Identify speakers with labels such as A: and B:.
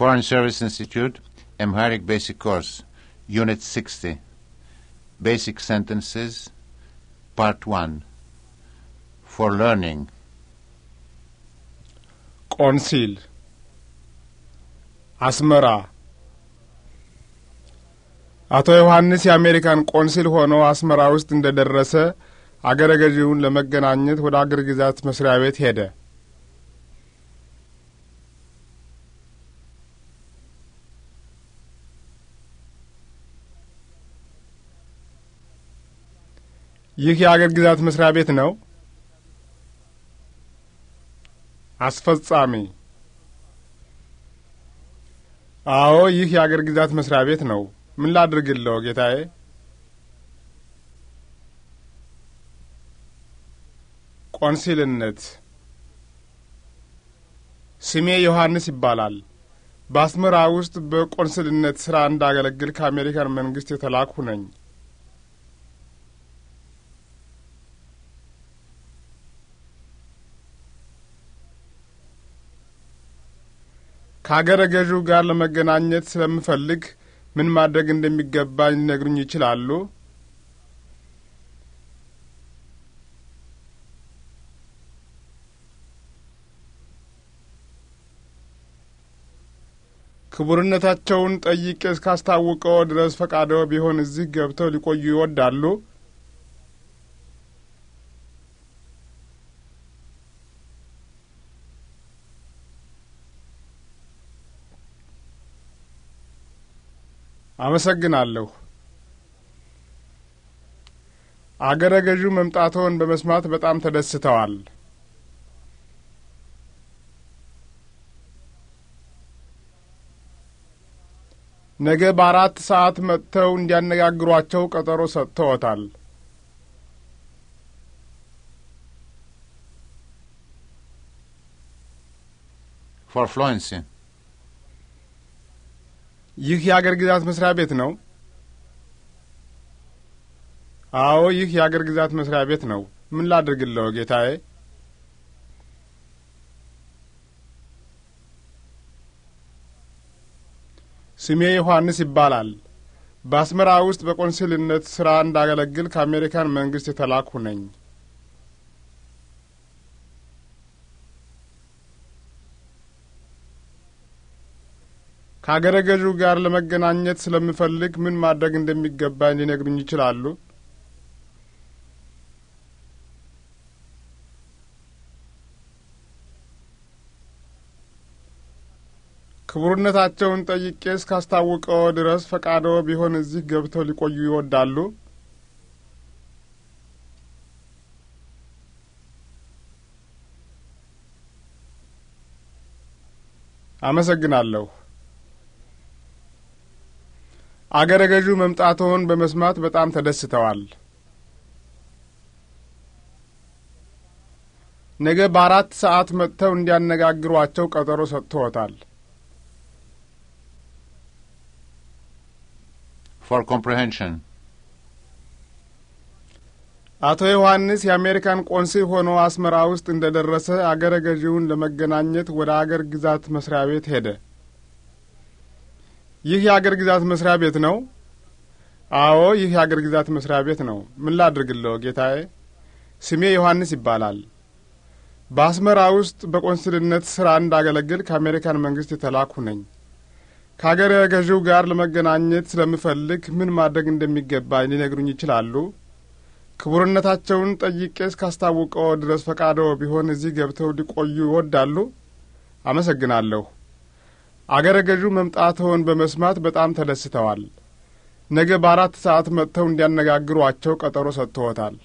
A: Foreign Service Institute, Amharic Basic Course, Unit 60, Basic Sentences, Part 1, For Learning. ቆንሲል Asmara አቶ ዮሐንስ የአሜሪካን ቆንሲል ሆኖ አስመራ ውስጥ እንደ ደረሰ አገረ ገዢውን ለመገናኘት ወደ አገር ግዛት መስሪያ ቤት ሄደ። ይህ የአገር ግዛት መስሪያ ቤት ነው። አስፈጻሚ አዎ፣ ይህ የአገር ግዛት መስሪያ ቤት ነው። ምን ላድርግለው ጌታዬ? ቆንሲልነት ስሜ ዮሐንስ ይባላል። በአስመራ ውስጥ በቆንስልነት ሥራ እንዳገለግል ከአሜሪካን መንግሥት የተላኩ ነኝ። ከአገረ ገዢው ጋር ለመገናኘት ስለምፈልግ ምን ማድረግ እንደሚገባኝ ሊነግሩኝ ይችላሉ? ክቡርነታቸውን ጠይቄ እስካስታውቀው ድረስ ፈቃደው ቢሆን እዚህ ገብተው ሊቆዩ ይወዳሉ? አመሰግናለሁ። አገረ ገዡ መምጣትዎን በመስማት በጣም ተደስተዋል። ነገ በአራት ሰዓት መጥተው እንዲያነጋግሯቸው ቀጠሮ ሰጥተዎታል። ፎር ፍሎንሲን ይህ የአገር ግዛት መስሪያ ቤት ነው? አዎ፣ ይህ የአገር ግዛት መስሪያ ቤት ነው። ምን ላድርግለው ጌታዬ? ስሜ ዮሐንስ ይባላል። በአስመራ ውስጥ በቆንስልነት ሥራ እንዳገለግል ከአሜሪካን መንግሥት የተላኩ ነኝ። ከአገረ ገዢው ጋር ለመገናኘት ስለምፈልግ ምን ማድረግ እንደሚገባኝ ሊነግሩኝ ይችላሉ? ክቡርነታቸውን ጠይቄ እስካስታውቀው ድረስ ፈቃዶ ቢሆን እዚህ ገብተው ሊቆዩ ይወዳሉ? አመሰግናለሁ። አገረ ገዡ መምጣትዎን በመስማት በጣም ተደስተዋል። ነገ በአራት ሰዓት መጥተው እንዲያነጋግሯቸው ቀጠሮ ሰጥቶዎታል። ፎር ኮምፕሬንሽን አቶ ዮሐንስ የአሜሪካን ቆንስል ሆኖ አስመራ ውስጥ እንደ ደረሰ አገረ ገዢውን ለመገናኘት ወደ አገር ግዛት መስሪያ ቤት ሄደ። ይህ የአገር ግዛት መስሪያ ቤት ነው? አዎ፣ ይህ የአገር ግዛት መስሪያ ቤት ነው። ምን ላድርግለው ጌታዬ? ስሜ ዮሐንስ ይባላል። በአስመራ ውስጥ በቆንስልነት ሥራ እንዳገለግል ከአሜሪካን መንግሥት የተላኩ ነኝ። ከአገር ገዢው ጋር ለመገናኘት ስለምፈልግ ምን ማድረግ እንደሚገባ ሊነግሩኝ ይችላሉ? ክቡርነታቸውን ጠይቄ እስካስታውቀው ድረስ ፈቃደው ቢሆን እዚህ ገብተው ሊቆዩ ይወዳሉ? አመሰግናለሁ። አገረ ገዡ መምጣትህን በመስማት በጣም ተደስተዋል። ነገ በአራት ሰዓት መጥተው እንዲያነጋግሯቸው ቀጠሮ ሰጥቶዎታል።